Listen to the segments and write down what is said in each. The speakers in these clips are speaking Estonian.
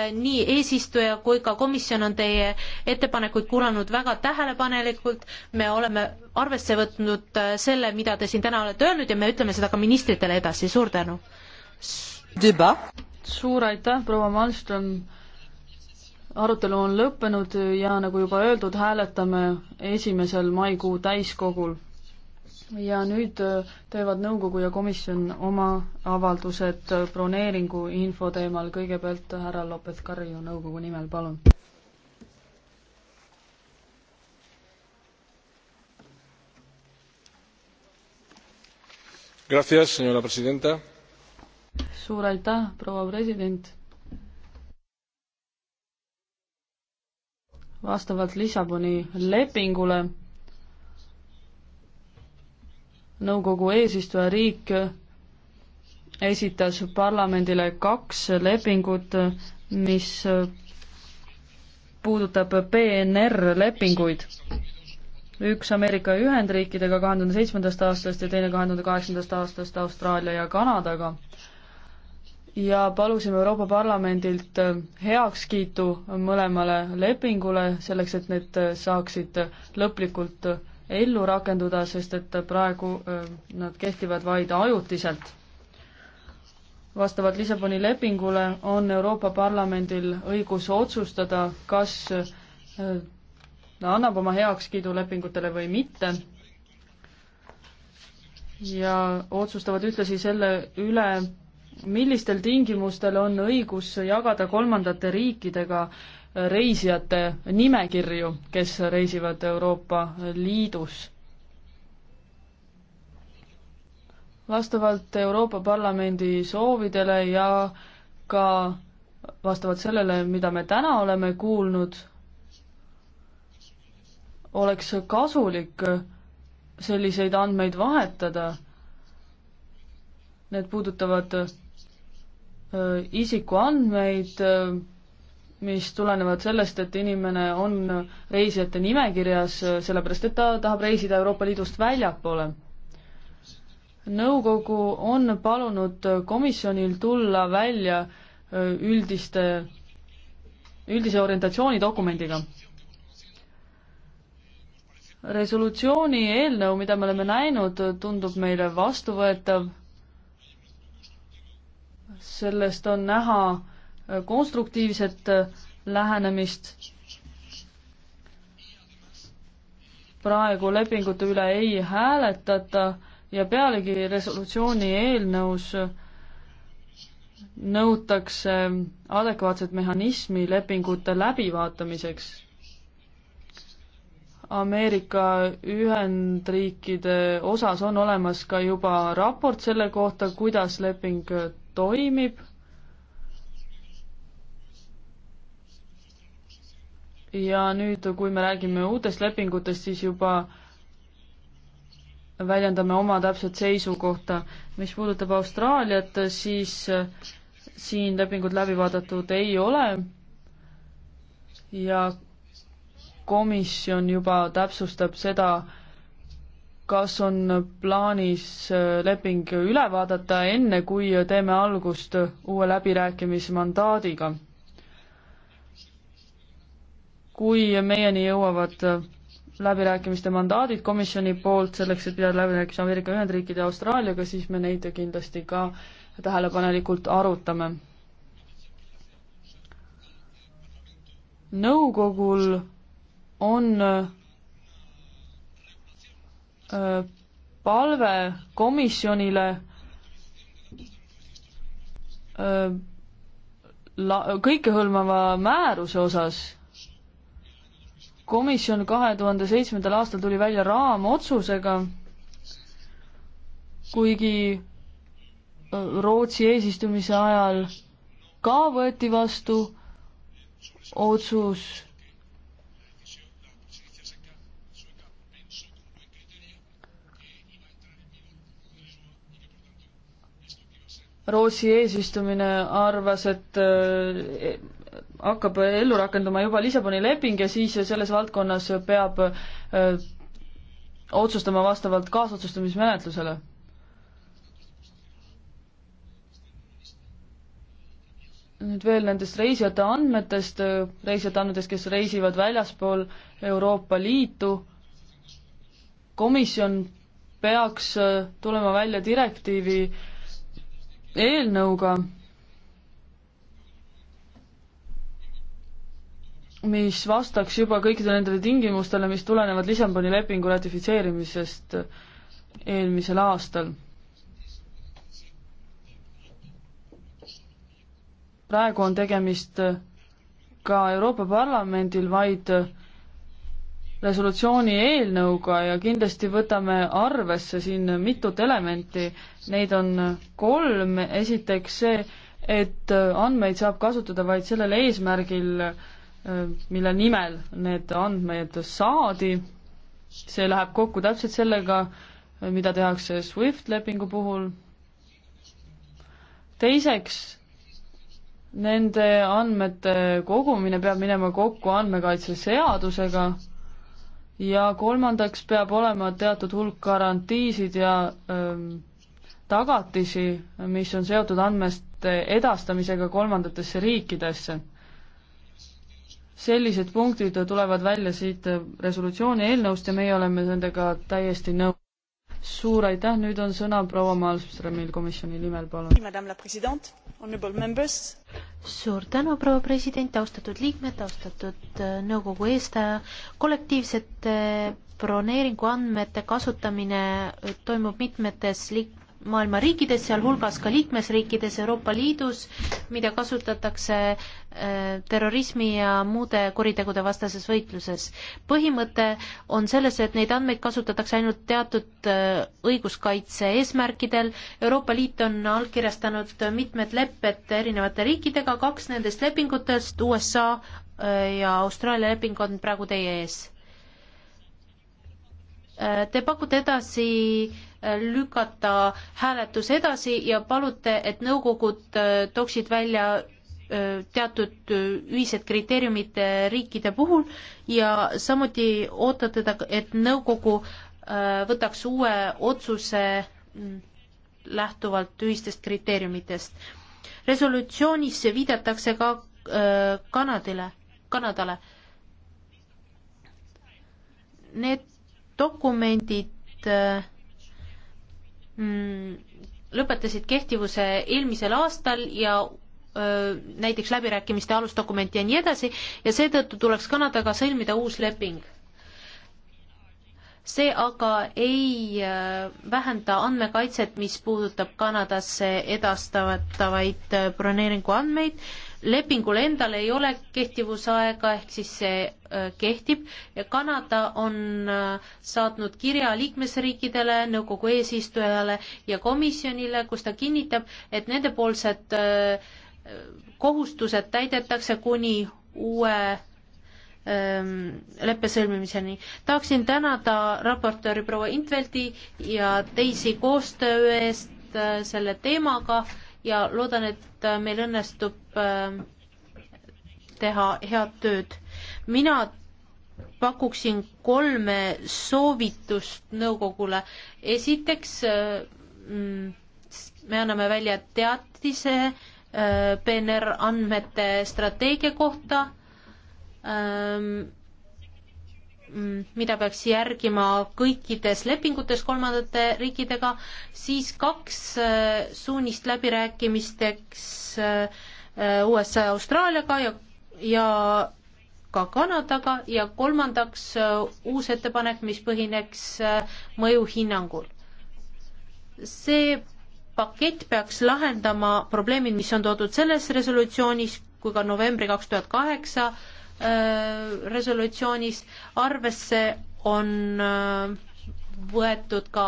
Äh, nii eesistuja kui ka komisjon on teie ettepanekuid kuulanud väga tähelepanelikult, me oleme arvesse võtnud äh, selle, mida te siin täna olete öelnud ja me ütleme seda ka ministritele edasi, suur tänu. suur aitäh, proua Malmström. arutelu on lõppenud ja nagu juba öeldud, hääletame esimesel maikuu täiskogul ja nüüd äh, teevad nõukogu ja komisjon oma avaldused äh, broneeringu info teemal. kõigepealt härra Lopez-Carrillo nõukogu nimel, palun. suur aitäh, proua president. vastavalt Lissaboni lepingule nõukogu eesistujariik esitas parlamendile kaks lepingut, mis puudutab PNR-lepinguid. üks Ameerika Ühendriikidega kahe tuhande seitsmendast aastast ja teine kahe tuhande kaheksandast aastast Austraalia ja Kanadaga. ja palusime Euroopa Parlamendilt heakskiitu mõlemale lepingule, selleks et need saaksid lõplikult ellu rakenduda, sest et praegu nad kehtivad vaid ajutiselt. vastavalt Lissaboni lepingule on Euroopa Parlamendil õigus otsustada, kas ta annab oma heakskiidu lepingutele või mitte ja otsustavad ühtlasi selle üle, millistel tingimustel on õigus jagada kolmandate riikidega reisijate nimekirju, kes reisivad Euroopa Liidus? vastavalt Euroopa Parlamendi soovidele ja ka vastavalt sellele, mida me täna oleme kuulnud, oleks kasulik selliseid andmeid vahetada. Need puudutavad isikuandmeid, mis tulenevad sellest, et inimene on reisijate nimekirjas, sellepärast et ta tahab reisida Euroopa Liidust väljapoole. nõukogu on palunud komisjonil tulla välja üldiste, üldise orientatsioonidokumendiga resolutsiooni eelnõu, mida me oleme näinud, tundub meile vastuvõetav sellest on näha äh, konstruktiivset äh, lähenemist. praegu lepingute üle ei hääletata ja pealegi resolutsiooni eelnõus äh, nõutakse adekvaatset mehhanismi lepingute läbivaatamiseks. Ameerika Ühendriikide osas on olemas ka juba raport selle kohta, kuidas leping toimib. ja nüüd, kui me räägime uutest lepingutest, siis juba väljendame oma täpset seisukohta. mis puudutab Austraaliat, siis siin lepingud läbi vaadatud ei ole ja komisjon juba täpsustab seda, kas on plaanis äh, leping üle vaadata, enne kui teeme algust uue läbirääkimismandaadiga? kui meieni jõuavad äh, läbirääkimiste mandaadid komisjoni poolt selleks, et pidada läbirääkimisi Ameerika Ühendriikide ja Austraaliaga, siis me neid kindlasti ka tähelepanelikult arutame. nõukogul on äh, palve komisjonile la-, kõikehõlmava määruse osas komisjon kahe tuhande seitsmendal aastal tuli välja raamotsusega, kuigi Rootsi eesistumise ajal ka võeti vastu otsus Rootsi eesistumine arvas, et äh, e-, hakkab ellu rakenduma juba Lissaboni leping ja siis selles valdkonnas peab äh, otsustama vastavalt kaasotsustamismenetlusele. nüüd veel nendest reisijate andmetest, reisijate andmetest, kes reisivad väljaspool Euroopa Liitu. komisjon peaks äh, tulema välja direktiivi äh, eelnõuga, mis vastaks juba kõikidele nendele tingimustele, mis tulenevad Lissaboni lepingu ratifitseerimisest eelmisel aastal. praegu on tegemist ka Euroopa Parlamendil vaid resolutsiooni eelnõuga ja kindlasti võtame arvesse siin mitut elementi. Neid on kolm, esiteks see, et andmeid saab kasutada vaid sellel eesmärgil, mille nimel need andmed saadi. see läheb kokku täpselt sellega, mida tehakse SWIFT lepingu puhul. teiseks, nende andmete kogumine peab minema kokku andmekaitseseadusega ja kolmandaks peab olema teatud hulk garantiisid ja öö, ähm, tagatisi, mis on seotud andmeste edastamisega kolmandatesse riikidesse. sellised punktid tulevad välja siit resolutsiooni eelnõust ja meie oleme nendega täiesti nõus suur aitäh, nüüd on sõna proua Malmströmil komisjoni nimel, palun. suur tänu, proua president, austatud liikmed, austatud äh, nõukogu eestaja, kollektiivsete broneeringu andmete kasutamine äh, toimub mitmetes liik-, maailma riikides, sealhulgas ka liikmesriikides Euroopa Liidus, mida kasutatakse äh, terrorismi ja muude kuritegude vastases võitluses. põhimõte on selles, et neid andmeid kasutatakse ainult teatud äh, õiguskaitse eesmärkidel, Euroopa Liit on allkirjastanud mitmed lepped erinevate riikidega, kaks nendest lepingutest, USA äh, ja Austraalia leping on praegu teie ees Te pakute edasi äh, lükata hääletus edasi ja palute, et nõukogud äh, tooksid välja äh, teatud ühised kriteeriumid riikide puhul ja samuti ootate, et nõukogu võtaks uue otsuse mm, lähtuvalt ühistest kriteeriumitest. resolutsioonis viidatakse ka Kanadile, Kanadale. Need dokumendid mm, lõpetasid kehtivuse eelmisel aastal ja öö, näiteks läbirääkimiste alusdokumenti ja nii edasi ja seetõttu tuleks Kanadaga sõlmida uus leping. see aga ei öö, vähenda andmekaitset, mis puudutab Kanadasse edastatavaid broneeringu andmeid lepingul endal ei ole kehtivusaega, ehk siis see äh, kehtib ja Kanada on äh, saatnud kirja liikmesriikidele, nõukogu eesistujale ja komisjonile, kus ta kinnitab, et nendepoolsed äh, kohustused täidetakse kuni uue ähm, leppe sõlmimiseni. tahaksin tänada raportööri proua Intveldi ja teisi koostöö eest selle teemaga ja loodan, et äh, meil õnnestub äh, teha head tööd. mina pakuksin kolme soovitust nõukogule. esiteks äh, mm, me anname välja teatise PNR andmete strateegia kohta ähm, Mm, mida peaks järgima kõikides lepingutes kolmandate riikidega, siis kaks äh, suunist läbirääkimisteks äh, äh, USA ja Austraaliaga ja, ja ka Kanadaga ja kolmandaks uus ettepanek, mis põhineks mõjuhinnangul. see pakett peaks lahendama probleemid, mis on toodud selles resolutsioonis kui ka novembri kaks tuhat kaheksa Äh, resolutsioonis arvesse on äh, võetud ka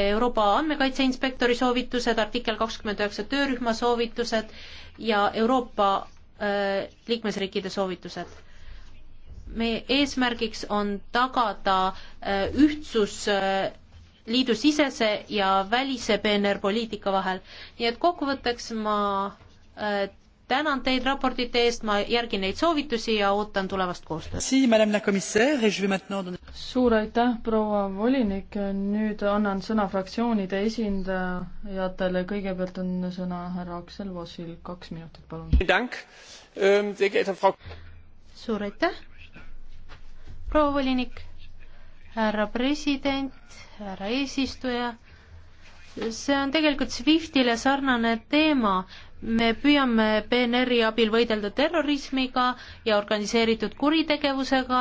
Euroopa andmekaitse inspektori soovitused, artikkel kakskümmend üheksa töörühma soovitused ja Euroopa äh, liikmesriikide soovitused. meie eesmärgiks on tagada ühtsus liidu sisese ja välise PNR poliitika vahel. nii et kokkuvõtteks ma tänan teid raportite eest, ma järgin neid soovitusi ja ootan tulevast koostööd. suur aitäh, proua volinik, nüüd annan sõna fraktsioonide esindajatele, kõigepealt on sõna härra Aksel Vossil, kaks minutit, palun. Ähm, suur aitäh, proua volinik, härra president, härra eesistuja see on tegelikult SWIFTile sarnane teema, me püüame PNR-i abil võidelda terrorismiga ja organiseeritud kuritegevusega,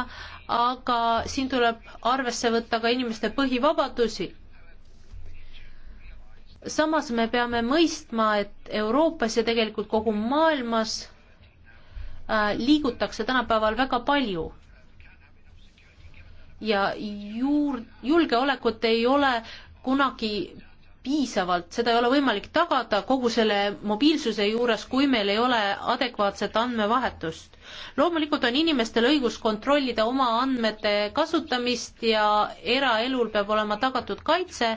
aga siin tuleb arvesse võtta ka inimeste põhivabadusi. samas me peame mõistma, et Euroopas ja tegelikult kogu maailmas äh, liigutakse tänapäeval väga palju. ja juur-, julgeolekut ei ole kunagi piisavalt, seda ei ole võimalik tagada kogu selle mobiilsuse juures, kui meil ei ole adekvaatset andmevahetust. loomulikult on inimestel õigus kontrollida oma andmete kasutamist ja eraelul peab olema tagatud kaitse,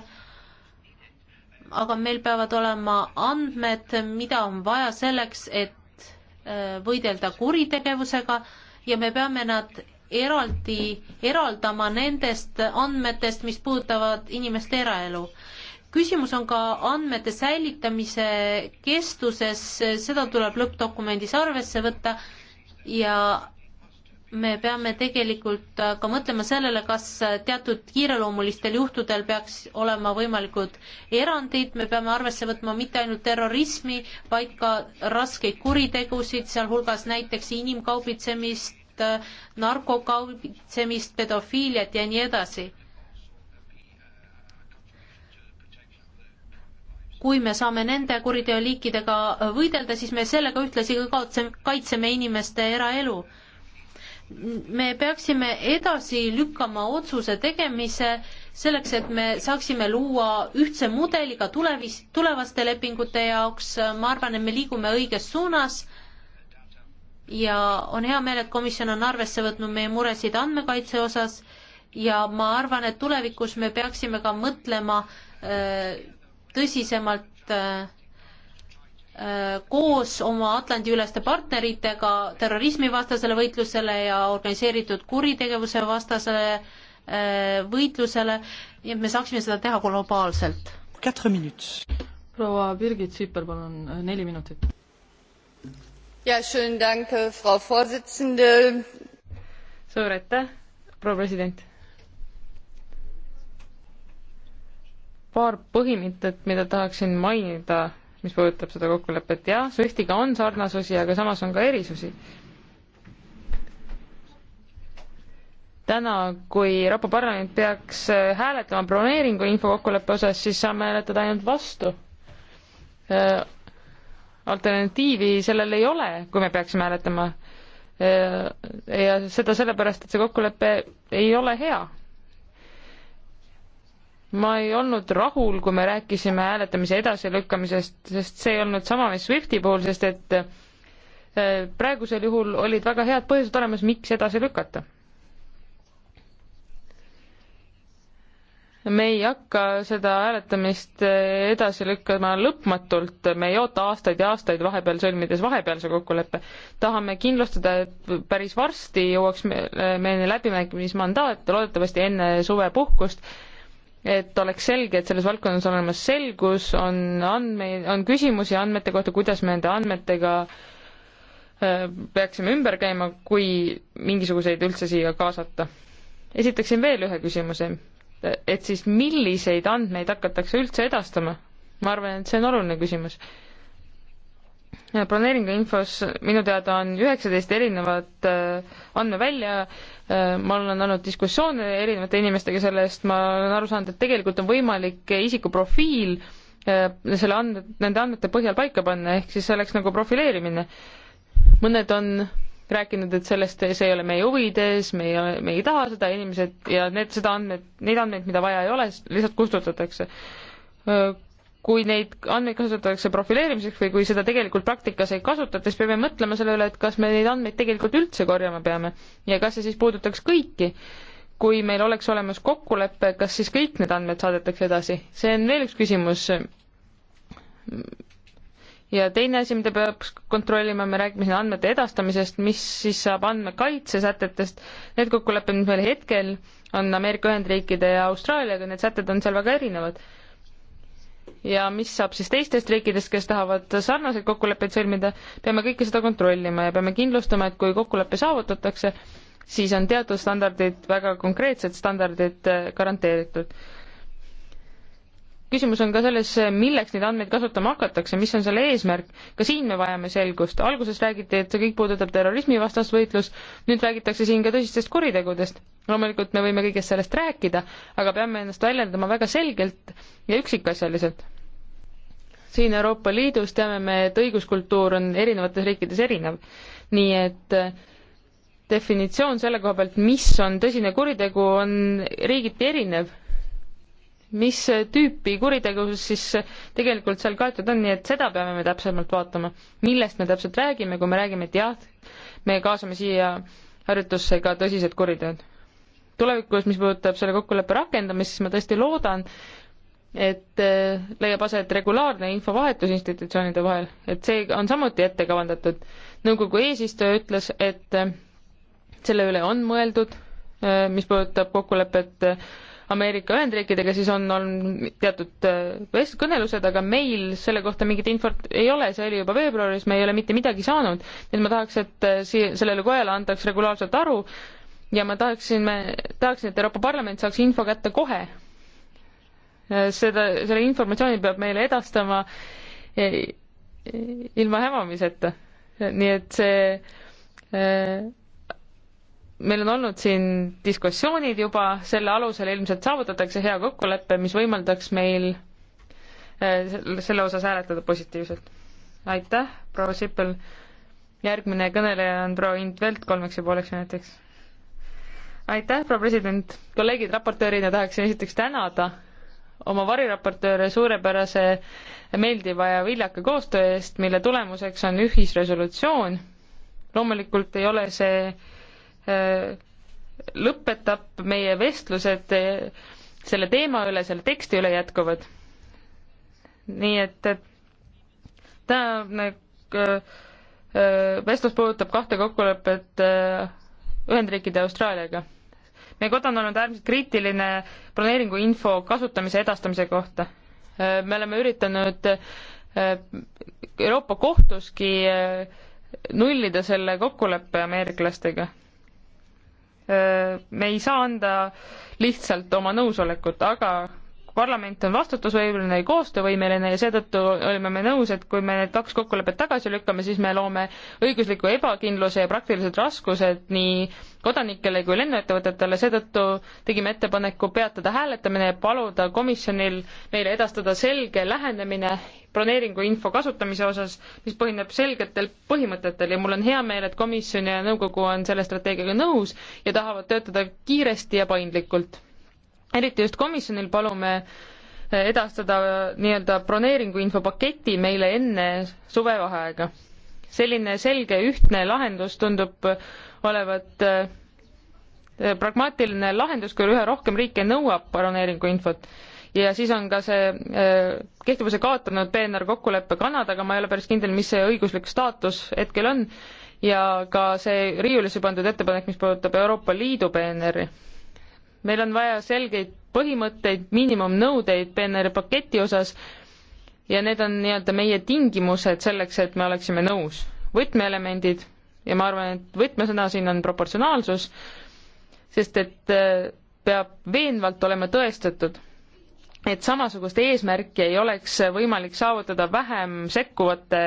aga meil peavad olema andmed, mida on vaja selleks, et äh, võidelda kuritegevusega ja me peame nad eraldi, eraldama nendest andmetest, mis puudutavad inimeste eraelu küsimus on ka andmete säilitamise kestuses, seda tuleb lõppdokumendis arvesse võtta ja me peame tegelikult ka mõtlema sellele, kas teatud kiireloomulistel juhtudel peaks olema võimalikud erandid, me peame arvesse võtma mitte ainult terrorismi, vaid ka raskeid kuritegusid, sealhulgas näiteks inimkaubitsemist, narkokaubitsemist, pedofiiliat ja nii edasi kui me saame nende kuriteoliikidega võidelda, siis me sellega ühtlasi ka kaotseme, kaitseme inimeste eraelu. me peaksime edasi lükkama otsuse tegemise selleks, et me saaksime luua ühtse mudeli ka tulevis, tulevaste lepingute jaoks, ma arvan, et me liigume õiges suunas ja on hea meel, et komisjon on arvesse võtnud meie muresid andmekaitse osas ja ma arvan, et tulevikus me peaksime ka mõtlema äh, tõsisemalt äh, äh, koos oma Atlandi-üleste partneritega terrorismivastasele võitlusele ja organiseeritud kuritegevuse vastasele äh, võitlusele, nii et me saaksime seda teha globaalselt. proua Birgit Sipper, palun neli minutit. suur aitäh, proua president paar põhimõtet, mida tahaksin mainida, mis puudutab seda kokkulepet. jah, Swiftiga on sarnasusi, aga samas on ka erisusi. täna, kui Euroopa Parlament peaks äh, hääletama broneeringu infokokkuleppe osas, siis saame hääletada ainult vastu. Äh, alternatiivi sellel ei ole, kui me peaksime hääletama äh, ja seda sellepärast, et see kokkulepe ei ole hea ma ei olnud rahul, kui me rääkisime hääletamise edasilükkamisest, sest see ei olnud sama, mis Swifti puhul, sest et äh, praegusel juhul olid väga head põhjused olemas, miks edasi lükata. me ei hakka seda hääletamist äh, edasi lükkama lõpmatult, me ei oota aastaid ja aastaid vahepeal sõlmides vahepealse kokkuleppe. tahame kindlustada, et päris varsti jõuaks äh, meieni läbimängimismandaat, loodetavasti enne suvepuhkust et oleks selge, et selles valdkonnas on olemas selgus, on andmeid, on küsimusi andmete kohta, kuidas me nende andmetega äh, peaksime ümber käima, kui mingisuguseid üldse siia kaasata. esitaksin veel ühe küsimuse, et siis milliseid andmeid hakatakse üldse edastama? ma arvan, et see on oluline küsimus broneeringu infos minu teada on üheksateist erinevat äh, andmevälja, äh, ma olen olnud diskussioone erinevate inimestega selle eest, ma olen aru saanud, et tegelikult on võimalik isiku profiil äh, selle andme, nende andmete põhjal paika panna, ehk siis see oleks nagu profileerimine. mõned on rääkinud, et sellest, see ei ole meie huvides, me ei, me ei taha seda, inimesed ja need, seda andmed, neid andmeid, mida vaja ei ole, lihtsalt kustutatakse kui neid andmeid kasutatakse profileerimiseks või kui seda tegelikult praktikas ei kasutata, siis peame mõtlema selle üle, et kas me neid andmeid tegelikult üldse korjama peame ja kas see siis puudutaks kõiki. kui meil oleks olemas kokkulepe, kas siis kõik need andmed saadetakse edasi, see on veel üks küsimus. ja teine asi, mida peab kontrollima, me räägime siin andmete edastamisest, mis siis saab andmekaitsesätetest, need kokkulepped, mis meil hetkel on Ameerika Ühendriikide ja Austraaliaga, need sätted on seal väga erinevad ja mis saab siis teistest riikidest, kes tahavad sarnaseid kokkuleppeid sõlmida, peame kõike seda kontrollima ja peame kindlustama, et kui kokkulepe saavutatakse, siis on teatud standardid, väga konkreetsed standardid eh, garanteeritud. küsimus on ka selles, milleks neid andmeid kasutama hakatakse, mis on selle eesmärk, ka siin me vajame selgust. alguses räägiti, et see kõik puudutab terrorismivastast võitlust, nüüd räägitakse siin ka tõsistest kuritegudest. loomulikult me võime kõigest sellest rääkida, aga peame ennast väljendama väga selgelt ja üksikasjaliselt siin Euroopa Liidus teame me, et õiguskultuur on erinevates riikides erinev. nii et äh, definitsioon selle koha pealt, mis on tõsine kuritegu, on riigiti erinev. mis äh, tüüpi kuritegus siis äh, tegelikult seal kaetud on, nii et seda peame me täpsemalt vaatama. millest me täpselt räägime, kui me räägime, et jah, me kaasame siia harjutusse ka tõsised kuriteod tulevikus, mis puudutab selle kokkuleppe rakendamist, siis ma tõesti loodan, et äh, leiab aset regulaarne infovahetus institutsioonide vahel, et see on samuti ette kavandatud. nõukogu eesistuja ütles, et äh, selle üle on mõeldud, äh, mis puudutab kokkulepet Ameerika Ühendriikidega, siis on olnud teatud kõnelused, aga meil selle kohta mingit infot ei ole, see oli juba veebruaris, me ei ole mitte midagi saanud. nii et ma tahaks, et siia, sellele kojale antaks regulaarselt aru ja ma tahaksin, tahaksin, et Euroopa Parlament saaks info kätte kohe Eh, seda, selle informatsiooni peab meile edastama eh, ilma hämamiseta. nii et see, eh, meil on olnud siin diskussioonid juba, selle alusel ilmselt saavutatakse hea kokkulepe, mis võimaldaks meil selle osas hääletada positiivselt. aitäh, proua Sippel. järgmine kõneleja on proua Int Velt kolmeks ja pooleks minutiks. aitäh, proua president, kolleegid, raportöörina tahaksin esiteks tänada oma variraportööre suurepärase meeldiva ja viljaka koostöö eest, mille tulemuseks on ühisresolutsioon. loomulikult ei ole see, äh, lõpetab meie vestlused äh, selle teema üle, selle teksti üle jätkuvad. nii et, et tänane äh, vestlus puudutab kahte kokkulepet Ühendriikide ja Austraaliaga meie koda on olnud äärmiselt kriitiline broneeringuinfo kasutamise edastamise kohta. Äh, me oleme üritanud äh, Euroopa kohtuski äh, nullida selle kokkuleppe ameeriklastega. me ei saa anda lihtsalt oma nõusolekut, aga parlament on vastutusvõimeline ja koostöövõimeline ja seetõttu olime me nõus, et kui me need kaks kokkulepet tagasi lükkame, siis me loome õigusliku ebakindluse ja praktilised raskused nii kodanikele kui lennuettevõtetele, seetõttu tegime ettepaneku peatada hääletamine ja paluda komisjonil meile edastada selge lähenemine broneeringuinfo kasutamise osas, mis põhineb selgetel põhimõtetel ja mul on hea meel, et komisjon ja nõukogu on selle strateegiaga nõus ja tahavad töötada kiiresti ja paindlikult eriti just komisjonil palume eh, edastada eh, nii-öelda broneeringu infopaketi meile enne suvevaheaega. selline selge ühtne lahendus tundub eh, olevat pragmaatiline lahendus, kui üha rohkem riike nõuab broneeringu infot ja siis on ka see kehtivuse kaotanud PNR kokkulepe Kanadaga, ma ei ole päris kindel, mis see õiguslik staatus hetkel on, ja ka see riiulisse pandud ettepanek, mis puudutab Euroopa Liidu PNR-i meil on vaja selgeid põhimõtteid, miinimumnõudeid PNR paketi osas ja need on nii-öelda meie tingimused selleks, et me oleksime nõus. võtmeelemendid ja ma arvan, et võtmesõna siin on proportsionaalsus, sest et äh, peab veenvalt olema tõestatud, et samasugust eesmärki ei oleks võimalik saavutada vähem sekkuvate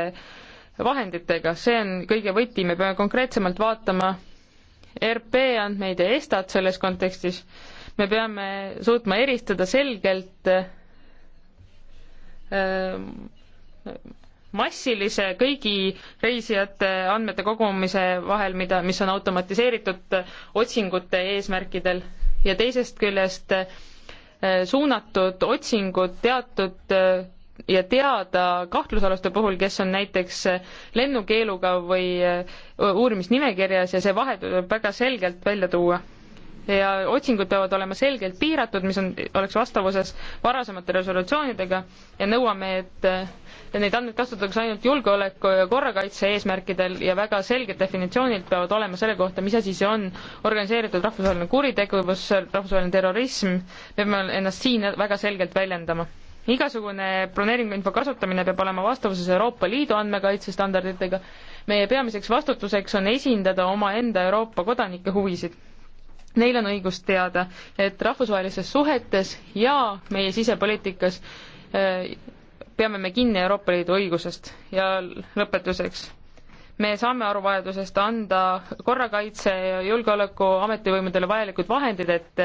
vahenditega, see on kõige võti, me peame konkreetsemalt vaatama, RP andmeid ja ESTA-t selles kontekstis, me peame suutma eristada selgelt äh, massilise kõigi reisijate andmete kogumise vahel, mida, mis on automatiseeritud äh, otsingute eesmärkidel ja teisest küljest äh, suunatud otsingud teatud ja teada kahtlusaluste puhul, kes on näiteks lennukeeluga või uurimisnimekirjas ja see vahe tuleb väga selgelt välja tuua. ja otsingud peavad olema selgelt piiratud, mis on, oleks vastavuses varasemate resolutsioonidega ja nõuame, et neid andmeid kasutatakse ainult julgeoleku ja korrakaitse eesmärkidel ja väga selged definitsioonid peavad olema selle kohta, mis asi see on organiseeritud rahvusvaheline kuritegevus, rahvusvaheline terrorism, peame ennast siin väga selgelt väljendama igasugune broneeringuinfo kasutamine peab olema vastavuses Euroopa Liidu andmekaitsestandarditega. meie peamiseks vastutuseks on esindada omaenda Euroopa kodanike huvisid. Neil on õigus teada, et rahvusvahelistes suhetes ja meie sisepoliitikas äh, peame me kinni Euroopa Liidu õigusest ja lõpetuseks me saame aru vajadusest anda korrakaitse ja julgeoleku ametivõimudele vajalikud vahendid, et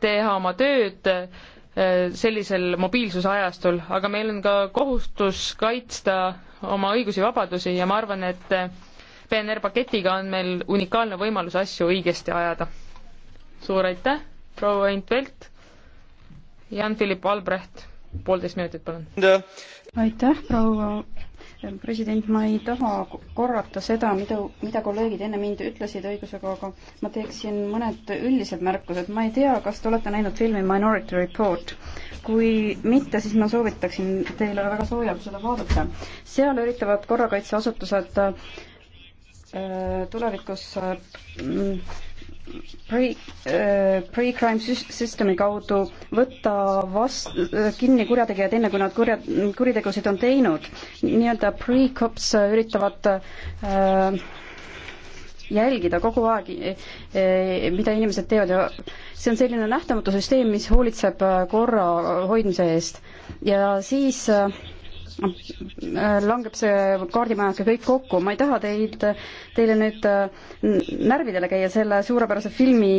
teha oma tööd Äh, sellisel mobiilsusajastul, aga meil on ka kohustus kaitsta oma õigusi-vabadusi ja ma arvan, et äh, PNR paketiga on meil unikaalne võimalus asju õigesti ajada. suur aitäh, proua Intvelt. Jan-Philipp Albrecht, poolteist minutit, palun. aitäh, proua president, ma ei taha korrata seda, mida, mida kolleegid enne mind ütlesid õigusega, aga ma teeksin mõned üldised märkused. ma ei tea, kas te olete näinud filmi Minority Report. kui mitte, siis ma soovitaksin teile väga soojalt seda vaadata. seal üritavad korrakaitseasutused äh, tulevikus äh, Äh, pre-crime pre system'i kaudu võtta vast-, äh, kinni kurjategijad enne, kui nad kurja, kuritegusid on teinud. nii-öelda pre-cops üritavad äh, jälgida kogu aeg, äh, mida inimesed teevad ja see on selline nähtamatu süsteem, mis hoolitseb korra hoidmise eest. ja siis äh, Äh, langeb see kaardimajaga kõik kokku, ma ei taha teid, teile nüüd äh, närvidele käia selle suurepärase filmi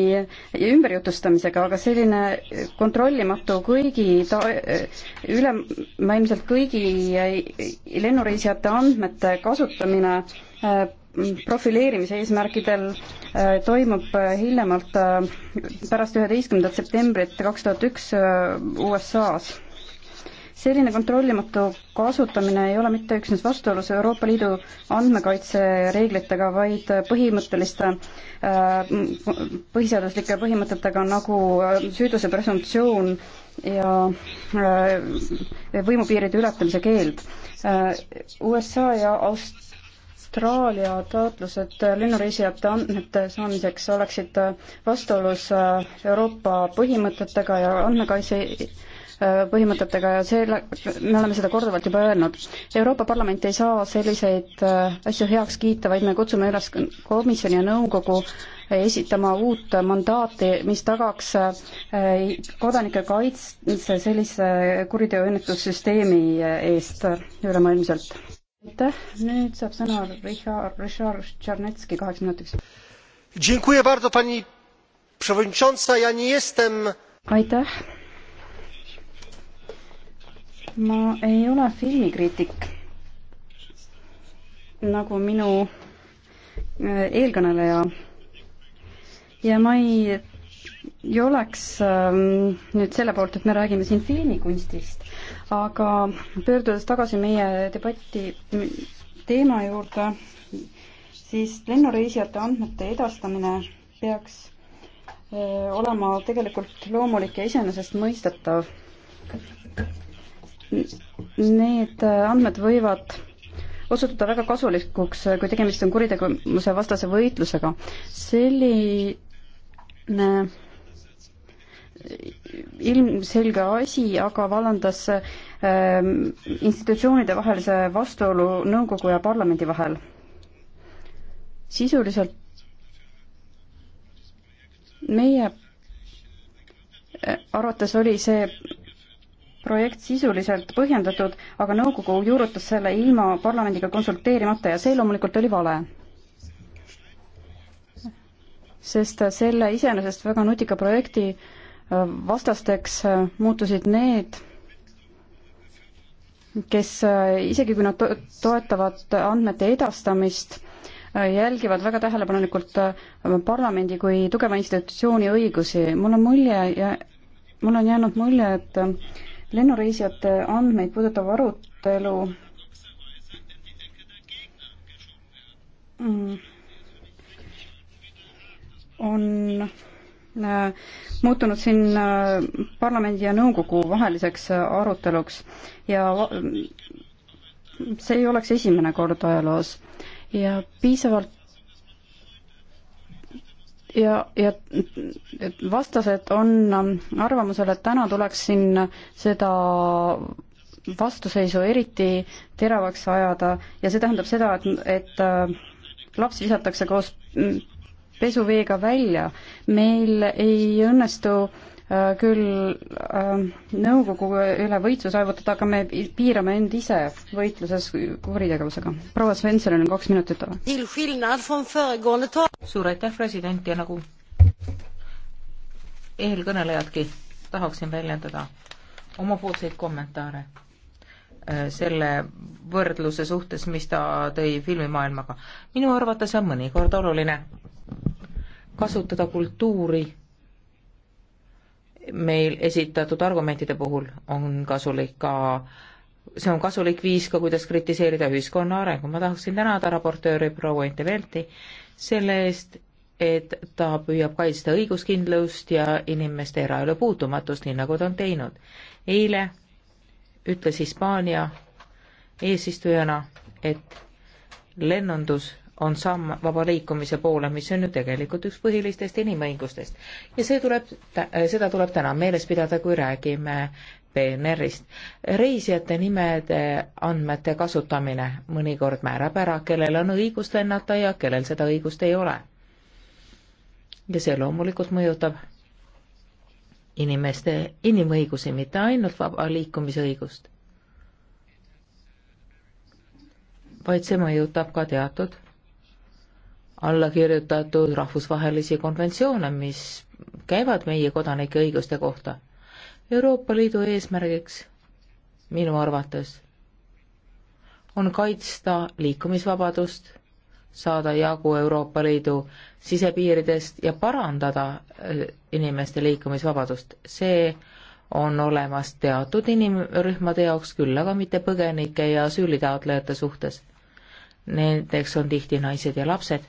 ümberjutustamisega, aga selline kontrollimatu kõigi ta, äh, ülemaailmselt kõigi lennureisijate andmete kasutamine profileerimise eesmärkidel toimub hiljemalt pärast üheteistkümnendat septembrit kaks tuhat üks USA-s selline kontrollimatu kasutamine ei ole mitte üksnes vastuolus Euroopa Liidu andmekaitsereeglitega, vaid põhimõtteliste äh, põhiseaduslike põhimõtetega nagu äh, süüduse presumptsioon ja äh, võimupiiride ületamise keeld. USA ja Aust-, Austraalia taotlused lennureisijate andmete saamiseks oleksid vastuolus Euroopa põhimõtetega ja andmekaitse Äh, põhimõtetega ja selle, me oleme seda korduvalt juba öelnud. Euroopa Parlament ei saa selliseid äh, asju heaks kiita, vaid me kutsume üles komisjoni ja nõukogu esitama uut mandaati, mis tagaks äh, kodanike kaitse sellise kuriteoennetussüsteemi eest ülemaailmselt. aitäh, nüüd saab sõna Richard, Richard Tšernetski kaheks minutiks. Dziękuję bardzo pani przewodnicząca, ja nie jestem aitäh ma ei ole filmikriitik, nagu minu äh, eelkõneleja ja ma ei, ei oleks ähm, nüüd selle poolt, et me räägime siin filmikunstist, aga pöördudes tagasi meie debati teema juurde, siis lennureisijate andmete edastamine peaks äh, olema tegelikult loomulik ja iseenesestmõistetav Need andmed võivad osutuda väga kasulikuks, kui tegemist on kuritegevuse vastase võitlusega. selline ilmselge asi, aga vallandas ähm, institutsioonide vahelise vastuolu nõukogu ja parlamendi vahel. sisuliselt meie äh, arvates oli see projekt sisuliselt põhjendatud, aga nõukogu juurutas selle ilma parlamendiga konsulteerimata ja see loomulikult oli vale. sest selle iseenesest väga nutika projekti äh, vastasteks äh, muutusid need, kes äh, isegi kui nad toetavad andmete edastamist, jälgivad väga tähelepanelikult parlamendi kui tugeva institutsiooni õigusi. mul on mulje ja mul on jäänud mulje, et lennureisijate andmeid puudutav arutelu mm, on äh, muutunud siin äh, parlamendi ja nõukogu vaheliseks äh, aruteluks ja see ei oleks esimene kord ajaloos ja piisavalt ja, ja vastased on arvamusel, et täna tuleks siin seda vastuseisu eriti teravaks ajada ja see tähendab seda, et, et äh, laps visatakse koos pesuveega välja. meil ei õnnestu äh, Äh, küll ähm, nõukogu üle võitu saavutada, aga me piirame end ise võitluses kuritegevusega. proua Svensonil on kaks minutit olla. suur aitäh, president, ja nagu eelkõnelejadki tahaksin väljendada omapoolseid kommentaare äh, selle võrdluse suhtes, mis ta tõi filmimaailmaga. minu arvates on mõnikord oluline kasutada kultuuri meil esitatud argumentide puhul on kasulik ka, see on kasulik viis ka, kuidas kritiseerida ühiskonna arengu. ma tahaksin tänada raportööri proua Intervelti selle eest, et ta püüab kaitsta õiguskindlust ja inimeste eraelu puutumatust, nii nagu ta on teinud. eile ütles Hispaania eesistujana, et lennundus on samm vaba liikumise poole, mis on ju tegelikult üks põhilistest inimõigustest. ja see tuleb, seda tuleb täna meeles pidada, kui räägime PNR-ist. reisijate nimede andmete kasutamine mõnikord määrab ära, kellel on õigus lennata ja kellel seda õigust ei ole. ja see loomulikult mõjutab inimeste inimõigusi, mitte ainult vaba liikumise õigust, vaid see mõjutab ka teatud alla kirjutatud rahvusvahelisi konventsioone, mis käivad meie kodanike õiguste kohta. Euroopa Liidu eesmärgiks minu arvates on kaitsta liikumisvabadust, saada jagu Euroopa Liidu sisepiiridest ja parandada äh, inimeste liikumisvabadust. see on olemas teatud inimrühmade jaoks, küll aga mitte põgenike ja asüülitaotlejate suhtes. Nendeks on tihti naised ja lapsed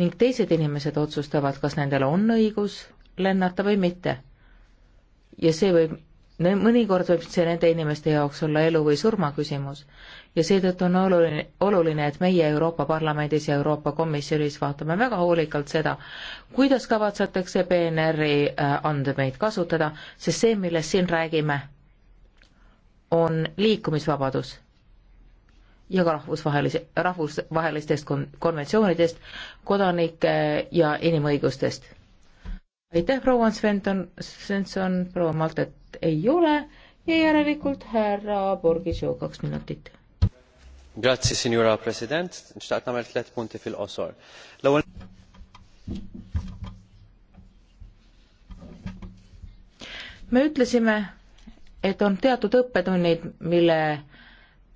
ning teised inimesed otsustavad, kas nendel on õigus lennata või mitte. ja see võib, mõnikord võib see nende inimeste jaoks olla elu või surma küsimus ja seetõttu on oluline, oluline, et meie Euroopa Parlamendis ja Euroopa Komisjonis vaatame väga hoolikalt seda, kuidas kavatsetakse PNR-i äh, andmeid kasutada, sest see, millest siin räägime, on liikumisvabadus ja ka rahvusvahelise, rahvusvahelistest kon-, konventsioonidest, kodanike ja inimõigustest. aitäh, proua Sventon, Svensson, proua Maltet ei ole ja järelikult härra Borgisio, kaks minutit. Grazie, signora president, nixtaqt namel tlet punti fil-qosor. l-ewwel me ütlesime, et on teatud õppetunnid, mille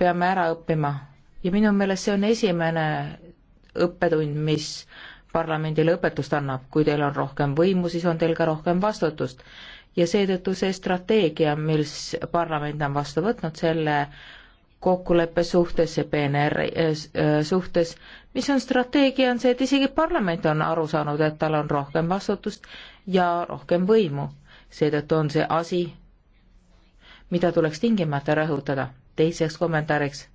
peame ära õppima ja minu meelest see on esimene õppetund, mis parlamendile õpetust annab, kui teil on rohkem võimu, siis on teil ka rohkem vastutust. ja seetõttu see strateegia, mis parlament on vastu võtnud selle kokkuleppe suhtes, see PNR eh, suhtes, mis on strateegia, on see, et isegi parlament on aru saanud, et tal on rohkem vastutust ja rohkem võimu. seetõttu on see asi, mida tuleks tingimata rõhutada. teiseks kommentaariks.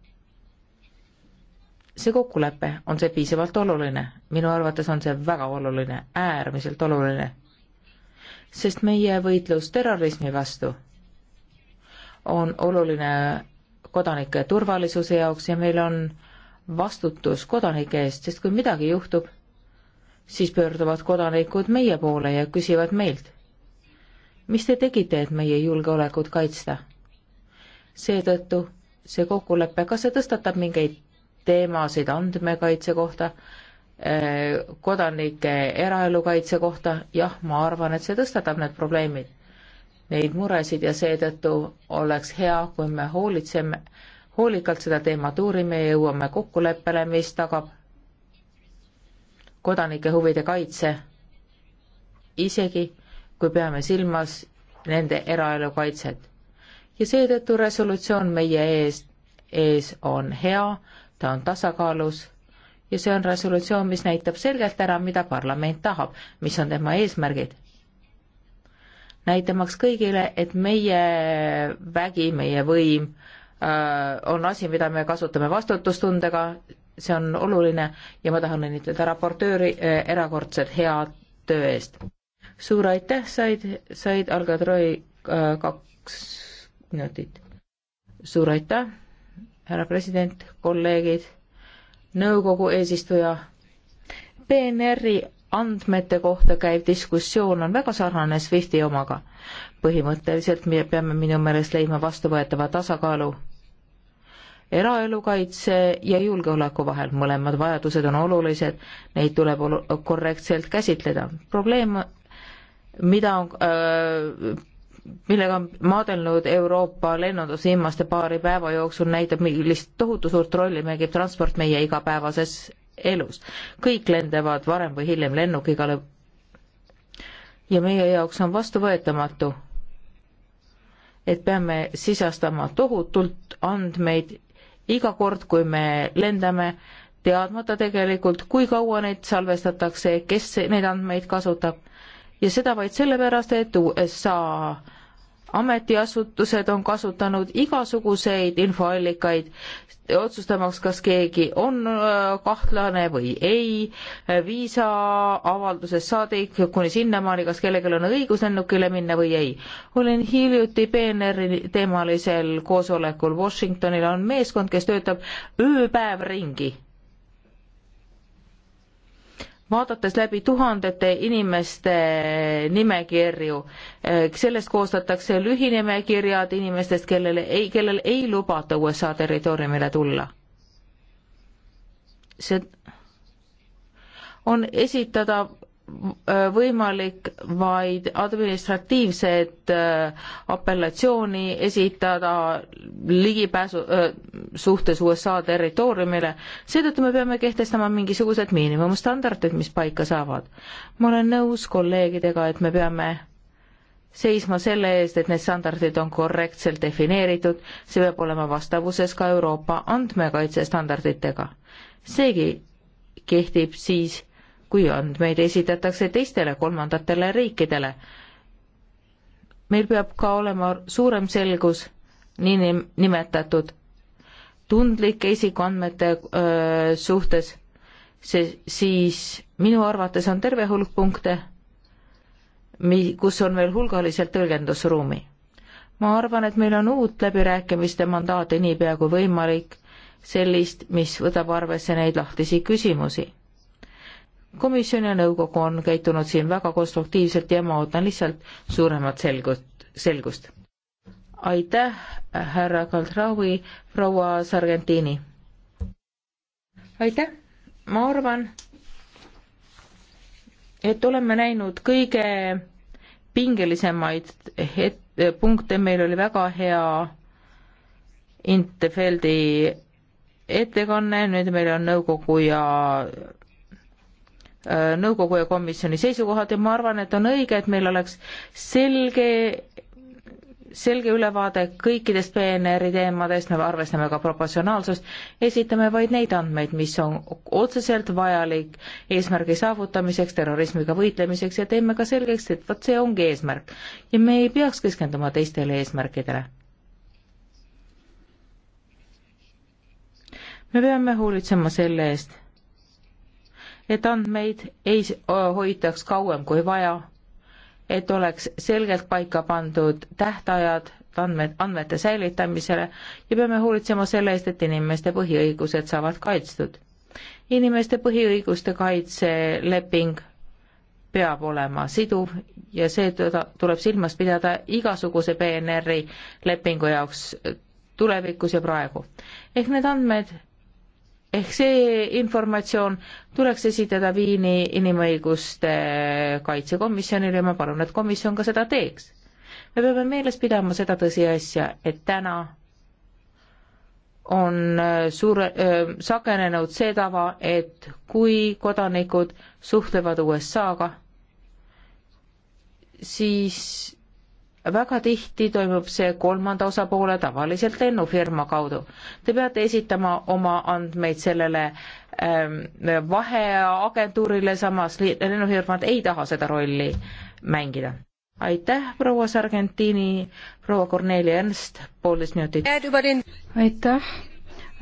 see kokkulepe, on see piisavalt oluline? minu arvates on see väga oluline, äärmiselt oluline. sest meie võitlus terrorismi vastu on oluline kodanike turvalisuse jaoks ja meil on vastutus kodanike eest, sest kui midagi juhtub, siis pöörduvad kodanikud meie poole ja küsivad meilt mis te tegite, et meie julgeolekut kaitsta? seetõttu see kokkulepe, kas see tõstatab mingeid teemasid andmekaitse kohta, äh, kodanike eraelu kaitse kohta, jah, ma arvan, et see tõstatab need probleemid, neid muresid ja seetõttu oleks hea, kui me hoolitseme, hoolikalt seda teemat uurime ja jõuame kokkuleppele, mis tagab kodanike huvide kaitse, isegi kui peame silmas nende eraelu kaitset. ja seetõttu resolutsioon meie ees, ees on hea, ta on tasakaalus ja see on resolutsioon, mis näitab selgelt ära, mida parlament tahab, mis on tema eesmärgid. näitamaks kõigile, et meie vägi, meie võim äh, on asi, mida me kasutame vastutustundega, see on oluline ja ma tahan õnnitleda raportööri äh, erakordselt hea töö eest suur aitäh, said, said Algatroi äh, kaks minutit. suur aitäh, härra president, kolleegid, nõukogu eesistuja. PNR-i andmete kohta käiv diskussioon on väga sarnane SWIFTi omaga. põhimõtteliselt me peame minu meelest leidma vastuvõetava tasakaalu eraelu kaitse ja julgeoleku vahel, mõlemad vajadused on olulised, neid tuleb korrektselt käsitleda. probleem mida on millega on maadelnud Euroopa lennundus viimaste paari päeva jooksul, näitab, millist tohutu suurt rolli mängib transport meie igapäevases elus. kõik lendavad varem või hiljem lennukigale ja meie jaoks on vastuvõetamatu, et peame sisestama tohutult andmeid iga kord, kui me lendame, teadmata tegelikult, kui kaua neid salvestatakse, kes neid andmeid kasutab ja seda vaid sellepärast, et USA ametiasutused on kasutanud igasuguseid infoallikaid, otsustamaks, kas keegi on äh, kahtlane või ei, viisa avaldusest saadik kuni sinnamaani, kas kellelgi on õigus lennukile minna või ei. olin hiljuti PNR-i teemalisel koosolekul Washingtonil on meeskond, kes töötab ööpäev ringi vaadates läbi tuhandete inimeste nimekirju, eh, sellest koostatakse lühinimekirjad inimestest, kellele ei, kellel ei lubata USA territooriumile tulla. see on esitada Äh, võimalik vaid administratiivset äh, apellatsiooni esitada ligipääsu äh, suhtes USA territooriumile, seetõttu me peame kehtestama mingisugused miinimumstandardid, mis paika saavad. ma olen nõus kolleegidega, et me peame seisma selle eest, et need standardid on korrektselt defineeritud, see peab olema vastavuses ka Euroopa andmekaitse standarditega. seegi kehtib siis kui andmeid esitatakse teistele kolmandatele riikidele. meil peab ka olema suurem selgus niinimetatud tundlike isikuandmete suhtes, see siis minu arvates on terve hulk punkte, mi-, kus on veel hulgaliselt tõlgendusruumi. ma arvan, et meil on uut läbirääkimiste mandaati niipea kui võimalik, sellist, mis võtab arvesse neid lahtisi küsimusi komisjon ja nõukogu on käitunud siin väga konstruktiivselt ja ma ootan lihtsalt suuremat selgust, selgust. aitäh, härra Kaldraovi, proua Sargentini. aitäh, ma arvan, et oleme näinud kõige pingelisemaid het-, punkte, meil oli väga hea Interfeldi ettekanne, nüüd meil on nõukogu ja nõukogu ja komisjoni seisukohad ja ma arvan, et on õige, et meil oleks selge, selge ülevaade kõikidest PNR-i teemadest, me arvestame ka proportsionaalsust, esitame vaid neid andmeid, mis on otseselt vajalik eesmärgi saavutamiseks, terrorismiga võitlemiseks ja teeme ka selgeks, et vot see ongi eesmärk. ja me ei peaks keskenduma teistele eesmärkidele me peame hoolitsema selle eest, et andmeid ei hoitaks kauem kui vaja, et oleks selgelt paika pandud tähtajad andmed, andmete säilitamisele ja peame hoolitsema selle eest, et inimeste põhiõigused saavad kaitstud. inimeste põhiõiguste kaitseleping peab olema siduv ja see tuleb silmas pidada igasuguse PNR-i lepingu jaoks tulevikus ja praegu. ehk need andmed ehk see informatsioon tuleks esitada Viini inimõiguste kaitsekomisjonile ja ma palun, et komisjon ka seda teeks. me peame meeles pidama seda tõsiasja, et täna on äh, suure äh,, sagenenud see tava, et kui kodanikud suhtlevad USA-ga, siis väga tihti toimub see kolmanda osapoole tavaliselt lennufirma kaudu. Te peate esitama oma andmeid sellele ähm, vaheagentuurile, samas lennufirmad ei taha seda rolli mängida. aitäh, proua Sargentini, proua Korneli Ernst, poolteist minutit. aitäh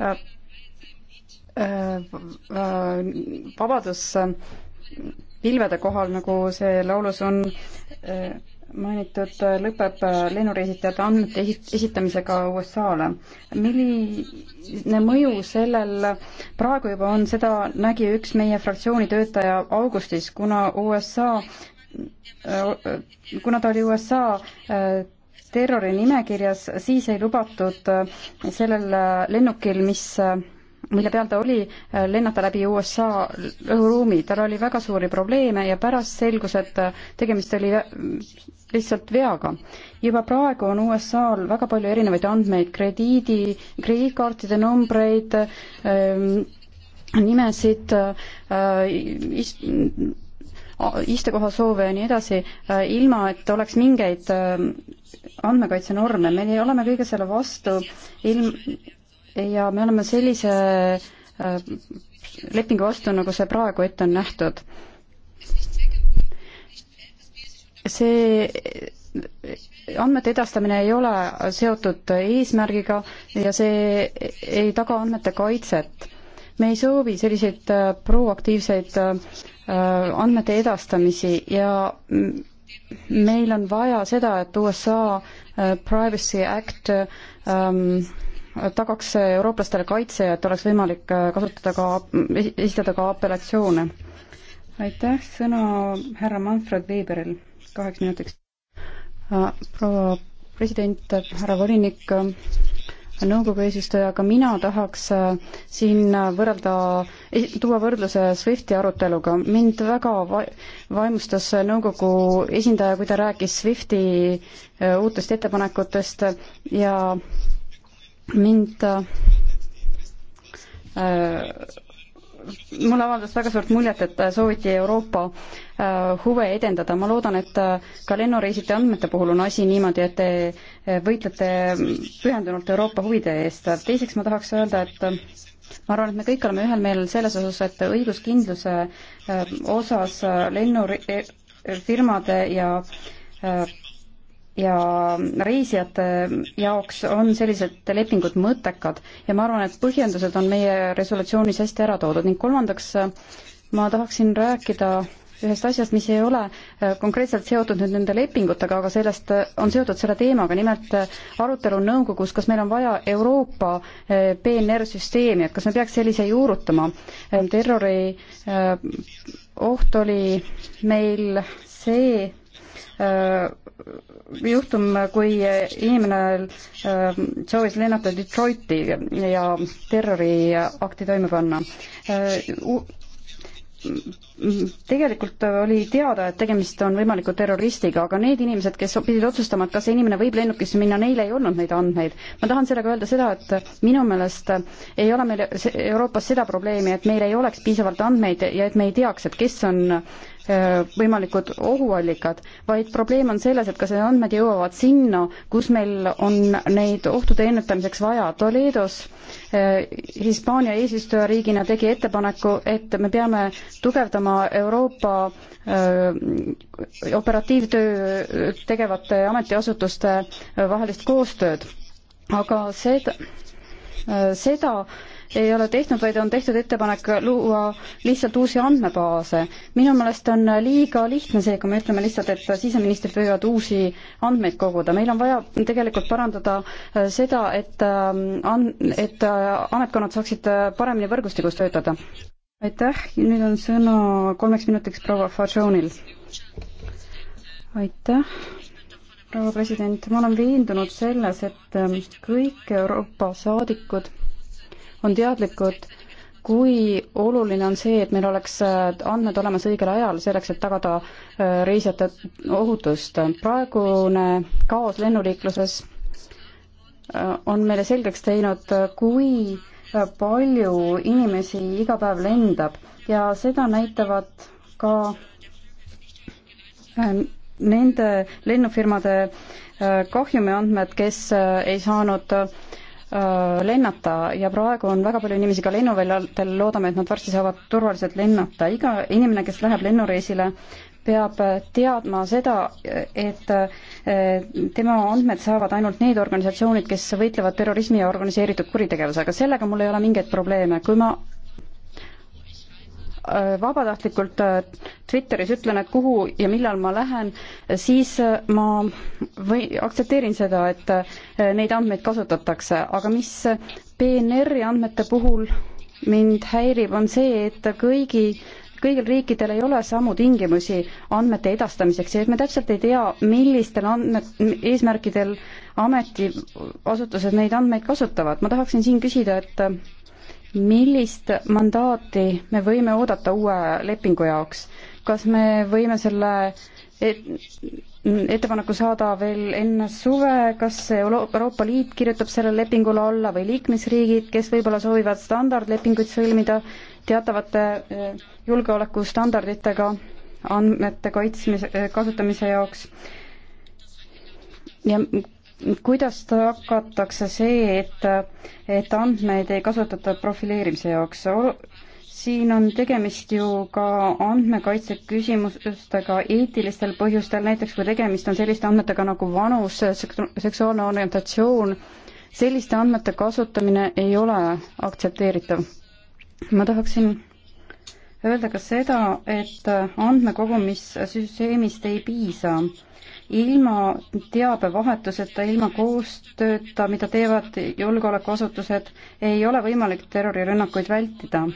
äh,. Äh, vabadus äh, pilvede kohal, nagu see laulus on äh, mainitud äh, lõpeb äh, lennureisijate andmete esitamisega USA-le. milline mõju sellel praegu juba on, seda nägi üks meie fraktsiooni töötaja augustis, kuna USA, äh, kuna ta oli USA terrorinimekirjas, siis ei lubatud sellel lennukil, mis mille peal ta oli, lennata läbi USA õhuruumi, tal oli väga suuri probleeme ja pärast selgus, et tegemist oli lihtsalt veaga. juba praegu on USA-l väga palju erinevaid andmeid, krediidi, krediitkaartide numbreid ähm,, nimesid äh,, ist-, istekoha soove ja nii edasi äh,, ilma et oleks mingeid äh, andmekaitsenorme, me oleme kõige selle vastu, ilm- ja me oleme sellise äh, lepingu vastu, nagu see praegu ette on nähtud äh, see andmete edastamine ei ole seotud eesmärgiga ja see ei taga andmete kaitset. me ei soovi selliseid äh, proaktiivseid äh, andmete edastamisi ja meil on vaja seda, et USA äh, Privacy Act ähm, tagaks eurooplastele kaitse ja et oleks võimalik kasutada ka, esitada ka apellatsioone. aitäh, sõna härra Manfred Weberil kaheks minutiks. Äh, proua president, härra volinik, äh, nõukogu eesistuja, aga mina tahaks äh, siin võrrelda, eh, tuua võrdluse SWIFTi aruteluga. mind väga va vaimustas nõukogu esindaja, kui ta rääkis SWIFTi uutest ettepanekutest ja mind äh, mulle avaldas väga suurt muljet, et sooviti Euroopa äh, huve edendada, ma loodan, et äh, ka lennureiside andmete puhul on asi niimoodi, et te äh, võitlete pühendunult Euroopa huvide eest. teiseks ma tahaks öelda, et ma arvan, et me kõik oleme ühel meelel selles osas, et õiguskindluse osas lennufirmade ja ja reisijate jaoks on sellised lepingud mõttekad ja ma arvan, et põhjendused on meie resolutsioonis hästi ära toodud ning kolmandaks ma tahaksin rääkida ühest asjast, mis ei ole äh, konkreetselt seotud nüüd nende lepingutega, aga sellest äh, on seotud selle teemaga, nimelt äh, arutelu nõukogus, kas meil on vaja Euroopa PNR-süsteemi, et kas me peaks sellise juurutama. terrori oht oli meil see, Äh, juhtum, kui inimene äh, soovis lennata Detroiti ja terroriakti toime panna. Äh, tegelikult oli teada, et tegemist on võimaliku terroristiga, aga need inimesed, kes pidid otsustama, et kas see inimene võib lennukisse minna, neil ei olnud neid andmeid. ma tahan sellega öelda seda, et minu meelest ei ole meil Euroopas seda probleemi, et meil ei oleks piisavalt andmeid ja et me ei teaks, et kes on äh, Äh, võimalikud ohuallikad, vaid probleem on selles, et kas need andmed jõuavad sinna, kus meil on neid ohtude ennetamiseks vaja. Toledos äh, Hispaania eesistujariigina tegi ettepaneku, et me peame tugevdama Euroopa äh, operatiivtöö tegevate ametiasutuste vahelist koostööd. aga seda, seda ei ole tehtud, vaid on tehtud ettepanek luua lihtsalt uusi andmebaase. minu meelest on liiga lihtne see, kui me ütleme lihtsalt, et siseministrid võivad uusi andmeid koguda. meil on vaja tegelikult parandada äh, seda, et ähm, an-, et äh, ametkonnad saaksid äh, paremini võrgustikus töötada. aitäh, nüüd on sõna kolmeks minutiks proua Fajonil. aitäh proua president, ma olen veendunud selles, et ähm, kõik Euroopa saadikud on teadlikud, kui oluline on see, et meil oleks äh, andmed olemas õigel ajal selleks, et tagada äh, reisijate ohutust. praegune kaos lennuliikluses äh, on meile selgeks teinud, kui palju inimesi iga päev lendab ja seda näitavad ka nende lennufirmade kahjumiandmed, kes ei saanud äh, Äh, lennata ja praegu on väga palju inimesi ka lennuväljadel, loodame, et nad varsti saavad turvaliselt lennata. iga inimene, kes läheb lennureisile, peab teadma seda, et äh, tema andmed saavad ainult need organisatsioonid, kes võitlevad terrorismi ja organiseeritud kuritegevusega. sellega mul ei ole mingeid probleeme. kui ma Äh, vabatahtlikult äh, Twitteris ütlen, et kuhu ja millal ma lähen, siis äh, ma või aktsepteerin seda, et neid andmeid kasutatakse, aga mis PNR-i andmete puhul mind häirib, on see, et kõigi kõigil riikidel ei ole samu tingimusi andmete edastamiseks ja et me täpselt ei tea, millistel andmed, eesmärkidel ametiasutused neid andmeid kasutavad. ma tahaksin siin küsida, et millist mandaati me võime oodata uue lepingu jaoks? kas me võime selle et, ettepaneku saada veel enne suve, kas Euroopa Liit kirjutab sellele lepingule alla või liikmesriigid, kes võib-olla soovivad standardlepinguid sõlmida teatavate eh, julgeolekustandarditega andmete kaitsmise, eh, kasutamise jaoks? ja kuidas tagatakse see, et, et andmeid ei kasutata profileerimise jaoks? siin on tegemist ju ka andmekaitse küsimustega eetilistel põhjustel, näiteks kui tegemist on selliste andmetega nagu vanus, seksuaalne orientatsioon, selliste andmete kasutamine ei ole aktsepteeritav. ma tahaksin öelda ka seda, et andmekogumissüsteemist ei piisa ilma teabevahetuseta, ilma koostööta, mida teevad julgeolekuasutused, ei ole võimalik terrorirünnakuid vältida.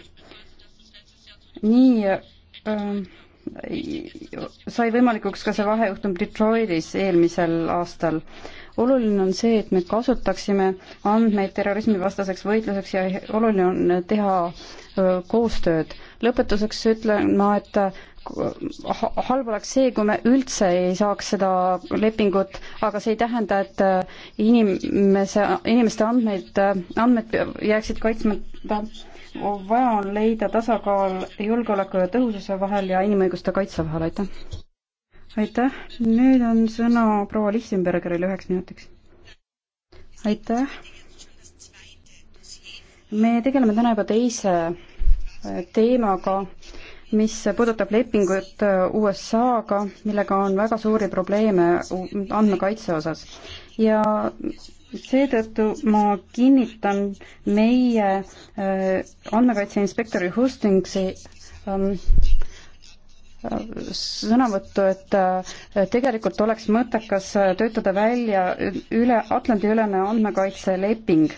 nii äh, sai võimalikuks ka see vahejuhtum Detroitis eelmisel aastal. oluline on see, et me kasutaksime andmeid terrorismivastaseks võitluseks ja oluline on teha äh, koostööd. lõpetuseks ütlen ma, et äh, halb oleks see, kui me üldse ei saaks seda lepingut, aga see ei tähenda, et äh, inimese, inimeste andmeid, äh, andmed jääksid kaitsmata. vaja on leida tasakaal julgeoleku ja tõhususe vahel ja inimõiguste kaitse vahel, aitäh! aitäh, nüüd on sõna proua Lichtenbergerile üheks minutiks. aitäh! me tegeleme täna juba teise äh, teemaga, mis puudutab lepingut äh, USA-ga, millega on väga suuri probleeme andmekaitse osas. ja seetõttu ma kinnitan meie äh, andmekaitse inspektori Hustingsi ähm, sõnavõttu, et äh, tegelikult oleks mõttekas töötada välja üle, Atlandi-ülene andmekaitseleping.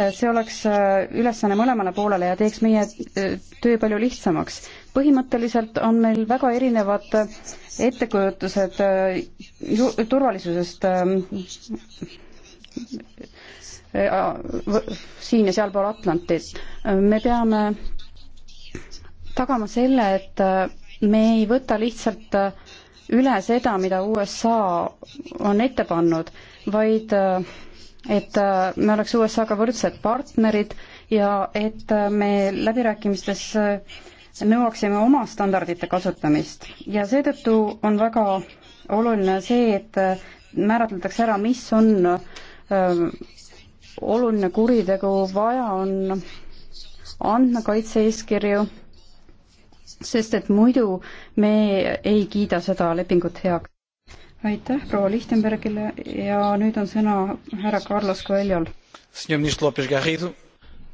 Äh, see oleks äh, ülesanne mõlemale poolele ja teeks meie töö palju lihtsamaks. põhimõtteliselt on meil väga erinevad ettekujutused ju, turvalisusest siin ja sealpool Atlantit. me peame tagama selle, et me ei võta lihtsalt äh, üle seda, mida USA on ette pannud, vaid äh, et äh, me oleks USA-ga võrdsed partnerid ja et me läbirääkimistes nõuaksime oma standardite kasutamist ja seetõttu on väga oluline see, et määratletakse ära, mis on öö, oluline kuritegu, vaja on andmekaitse eeskirju sest et muidu me ei kiida seda lepingut heaks. aitäh proua Lichtenbergile ja nüüd on sõna härra Carlos Coelhol.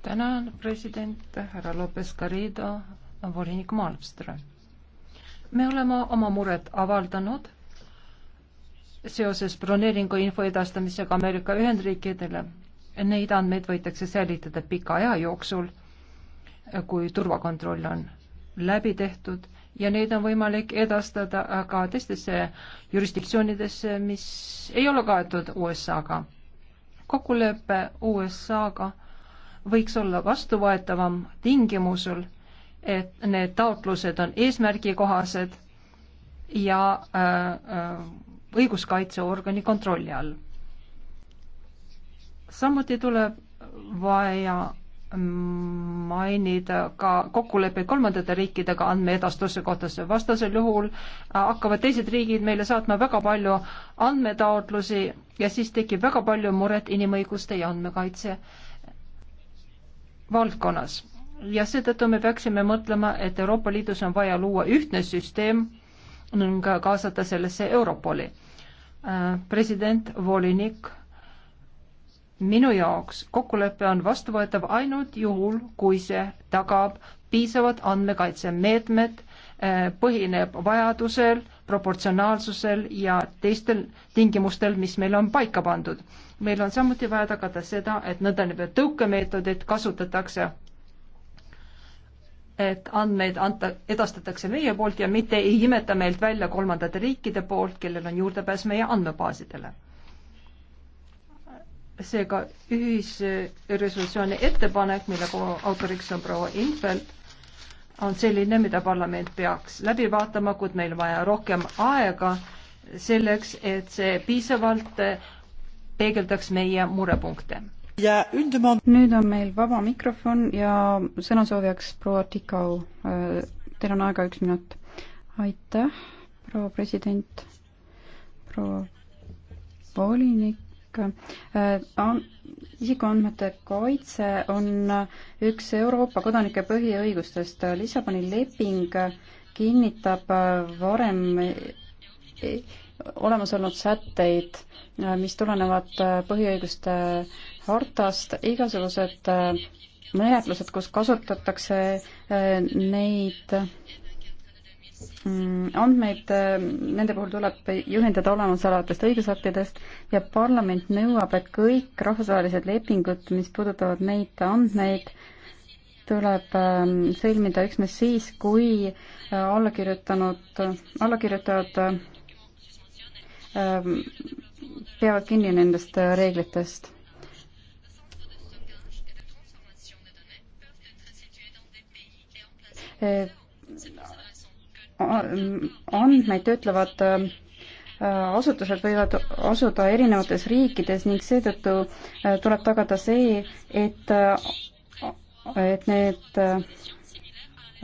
tänan, president härra Lopez Garrido, volinik Malmström. me oleme oma mured avaldanud seoses broneeringu info edastamisega Ameerika Ühendriikidele. Neid andmeid võidakse säilitada pika aja jooksul, kui turvakontroll on läbi tehtud ja neid on võimalik edastada ka teistesse jurisdiktsioonidesse, mis ei ole kaetud USA-ga. kokkulepe USA-ga võiks olla vastuvõetavam tingimusel, et need taotlused on eesmärgikohased ja äh, äh, õiguskaitseorgani kontrolli all. samuti tuleb vaja mainida ka kokkuleppeid kolmandate riikidega andmeedastuse kohta, sest vastasel juhul hakkavad teised riigid meile saatma väga palju andmetaotlusi ja siis tekib väga palju muret inimõiguste ja andmekaitse valdkonnas. ja seetõttu me peaksime mõtlema, et Euroopa Liidus on vaja luua ühtne süsteem ning kaasata sellesse Europoli. president, volinik minu jaoks kokkulepe on vastuvõetav ainult juhul, kui see tagab piisavad andmekaitsemeetmed, eh, põhineb vajadusel, proportsionaalsusel ja teistel tingimustel, mis meil on paika pandud. meil on samuti vaja tagada seda, et nõndanimetatud tõukemeetodeid kasutatakse, et andmeid anta, edastatakse meie poolt ja mitte ei imeta meilt välja kolmandate riikide poolt, kellel on juurdepääs meie andmebaasidele seega ühisresolutsiooni ettepanek, mille autoriks on proua Infeld, on selline, mida parlament peaks läbi vaatama, kuid meil vaja rohkem aega selleks, et see piisavalt peegeldaks meie murepunkte. nüüd on meil vaba mikrofon ja sõnasoovijaks proua Tikau. Äh, teil on aega üks minut. aitäh, proua president, proua volinik eesmärk. Äh, isikuandmete kaitse on üks Euroopa kodanike põhiõigustest. Lissaboni leping kinnitab äh, varem e-, olemas olnud sätteid, äh, mis tulenevad põhiõiguste hartast, igasugused menetlused, kus kasutatakse neid Mm, andmeid, äh, nende puhul tuleb juhinduda olemasolevatest õigusaktidest ja parlament nõuab, et kõik rahvusvahelised lepingud, mis puudutavad neid andmeid, tuleb ähm, sõlmida üksnes siis, kui äh, allakirjutanud, allakirjutajad ähm, peavad kinni nendest äh, reeglitest et andmeid töötlevad äh, asutused võivad asuda erinevates riikides ning seetõttu äh, tuleb tagada see, et, äh, et need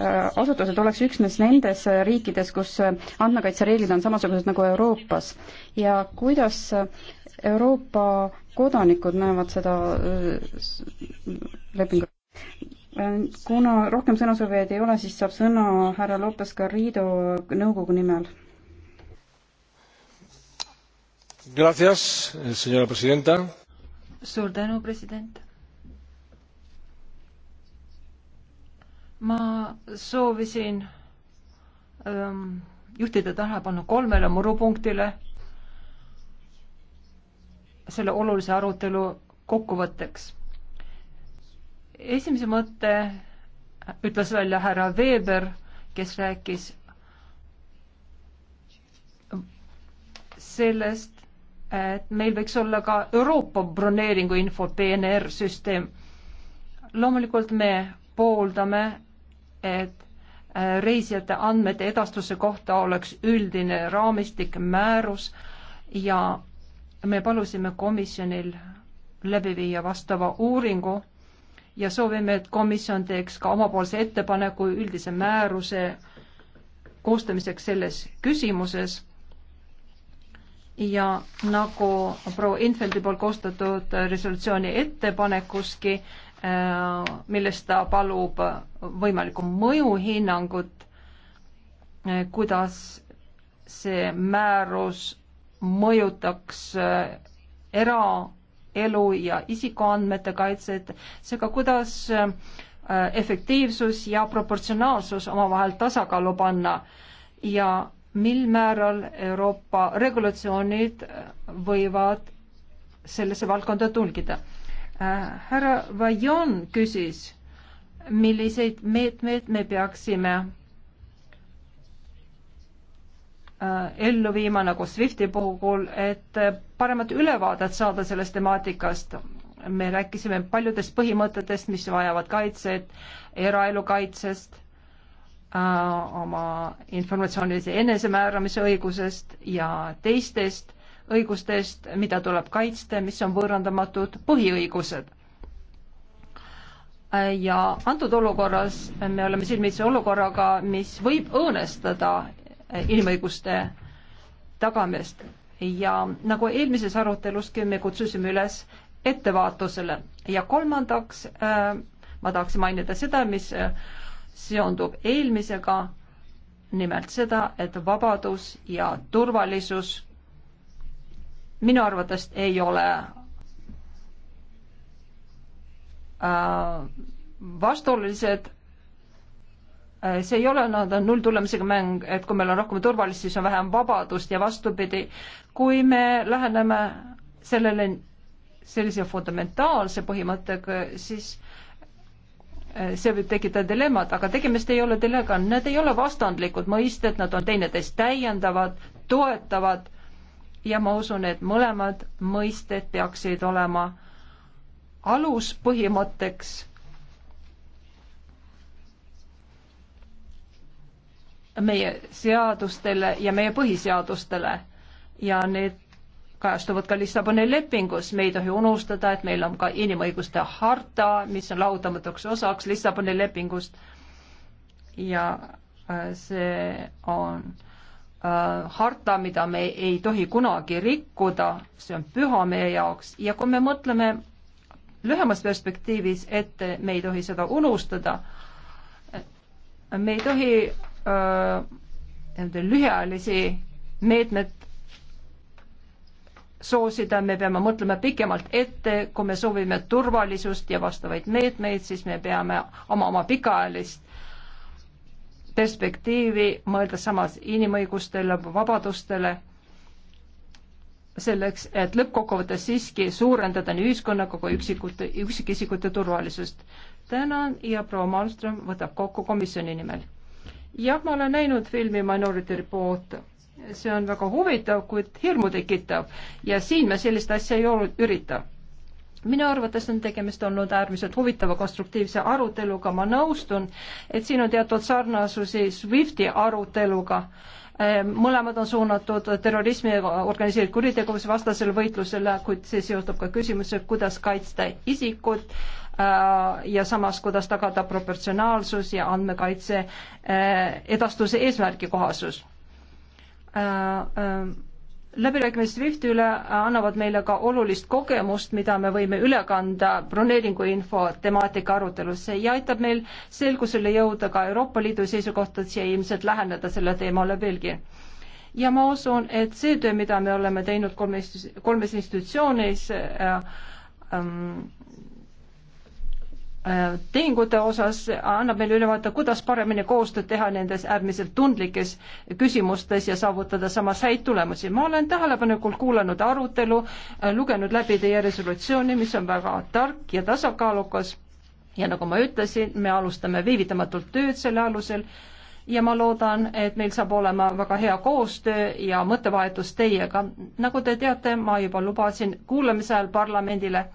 asutused oleks üksnes nendes riikides, kus andmekaitsereeglid on samasugused nagu Euroopas ja kuidas Euroopa kodanikud näevad seda lepingut? kuna rohkem sõnasoovijaid ei ole, siis saab sõna härra Lopez Garrido nõukogu nimel. suur tänu, president. ma soovisin ähm, juhtida tähelepanu kolmele murupunktile selle olulise arutelu kokkuvõtteks esimese mõtte ütles välja härra Weber, kes rääkis sellest, et meil võiks olla ka Euroopa broneeringu info PNR süsteem. loomulikult me pooldame, et äh, reisijate andmete edastuse kohta oleks üldine raamistik, määrus ja me palusime komisjonil läbi viia vastava uuringu ja soovime, et komisjon teeks ka omapoolse ettepaneku üldise määruse koostamiseks selles küsimuses. ja nagu proua Infeldi poolt koostatud resolutsiooni ettepanekuski, äh, milles ta palub võimalikku mõjuhinnangut, äh, kuidas see määrus mõjutaks äh, era- elu ja isikuandmete kaitset, seega kuidas äh, efektiivsus ja proportsionaalsus omavahel tasakaalu panna ja mil määral Euroopa regulatsioonid äh, võivad sellesse valdkonda tulgida. Äh, härra Vajon küsis, milliseid meetmeid me peaksime Äh, ellu viima, nagu SWIFTi puhul, et äh, paremat ülevaadet saada sellest temaatikast. me rääkisime paljudest põhimõtetest, mis vajavad kaitset, eraelu kaitsest, äh, oma informatsioonilise enesemääramise õigusest ja teistest õigustest, mida tuleb kaitsta, mis on võõrandamatud põhiõigused ja antud olukorras me oleme silmitsi olukorraga, mis võib õõnestada inimõiguste tagamist ja nagu eelmises aruteluski me kutsusime üles ettevaatusele ja kolmandaks äh, ma tahaksin mainida seda, mis äh, seondub eelmisega, nimelt seda, et vabadus ja turvalisus minu arvates ei ole äh, vastuolulised Äh, see ei ole nii-öelda nulltulemusega mäng, et kui meil on rohkem turvalist, siis on vähem vabadust ja vastupidi. kui me läheneme sellele sellise fundamentaalse põhimõttega, siis äh, see võib tekitada dilemmad, aga tegemist ei ole dilemmaga, need ei ole vastandlikud mõisted, nad on teineteist täiendavad, toetavad ja ma usun, et mõlemad mõisted peaksid olema aluspõhimõtteks meie seadustele ja meie põhiseadustele ja need kajastuvad ka Lissaboni lepingus. me ei tohi unustada, et meil on ka inimõiguste harta, mis on lahutamatuks osaks Lissaboni lepingust. ja äh, see on äh, harta, mida me ei tohi kunagi rikkuda, see on püha meie jaoks ja kui me mõtleme lühemas perspektiivis ette, me ei tohi seda unustada. me ei tohi Äh, lühiajalisi meetmed soosida, me peame mõtlema pikemalt ette, kui me soovime turvalisust ja vastavaid meetmeid, siis me peame oma, oma pikaajalist perspektiivi, mõeldes samas inimõigustele, vabadustele, selleks, et lõppkokkuvõttes siiski suurendada nii ühiskonnaga kui üksikute, üksikisikute turvalisust. tänan ja proua Malmström võtab kokku komisjoni nimel jah, ma olen näinud filmi Minority Report, see on väga huvitav, kuid hirmu tekitav ja siin me sellist asja ei ürita minu arvates on tegemist olnud äärmiselt huvitava konstruktiivse aruteluga, ma nõustun, et siin on teatud sarnasusi SWIFTi aruteluga, ehm, mõlemad on suunatud terrorismi ja organiseeritud kuritegevuse vastasele võitlusele, kuid see seostub ka küsimusega, kuidas kaitsta isikut Äh, ja samas, kuidas tagada proportsionaalsus ja andmekaitse äh, edastuse eesmärgi kohasus. Äh, läbirääkimised SWIFT-i üle annavad meile ka olulist kogemust, mida me võime üle kanda broneeringuinfo temaatika arutelusse ja aitab meil selgusele jõuda ka Euroopa Liidu seisukohtades ja ilmselt läheneda selle teemale veelgi ja ma usun, et see töö, mida me oleme teinud kolmes, kolmes institutsioonis äh,, ähm, Äh, tehingute osas annab meile ülevaate, kuidas paremini koostööd teha nendes äärmiselt tundlikes küsimustes ja saavutada samas häid tulemusi. ma olen tähelepanelikult kuulanud arutelu, äh, lugenud läbi teie resolutsiooni, mis on väga tark ja tasakaalukas ja nagu ma ütlesin, me alustame viivitamatult tööd selle alusel ja ma loodan, et meil saab olema väga hea koostöö ja mõttevahetus teiega. nagu te teate, ma juba lubasin kuulamise ajal parlamendile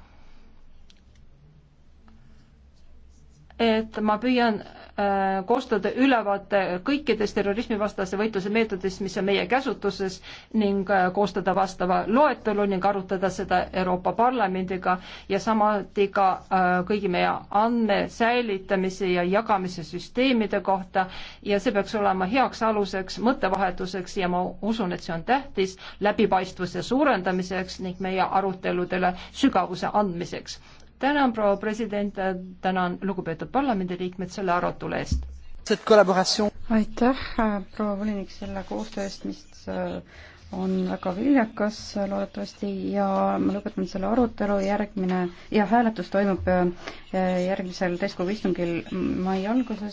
et ma püüan äh, koostada ülevaate kõikidest terrorismivastase võitluse meetodist, mis on meie käsutuses ning äh, koostada vastava loetelu ning arutada seda Euroopa Parlamendiga ja samuti ka äh, kõigi meie andme säilitamise ja jagamise süsteemide kohta ja see peaks olema heaks aluseks mõttevahetuseks ja ma usun, et see on tähtis läbipaistvuse suurendamiseks ning meie aruteludele sügavuse andmiseks tänan, proua president, tänan lugupeetud parlamendiliikmed selle arutelu eest. aitäh, äh, proua volinik, selle koostöö eest, mis äh, on väga viljakas loodetavasti ja ma lõpetan selle arutelu, järgmine ja hääletus toimub äh, järgmisel täiskogu istungil mai alguses.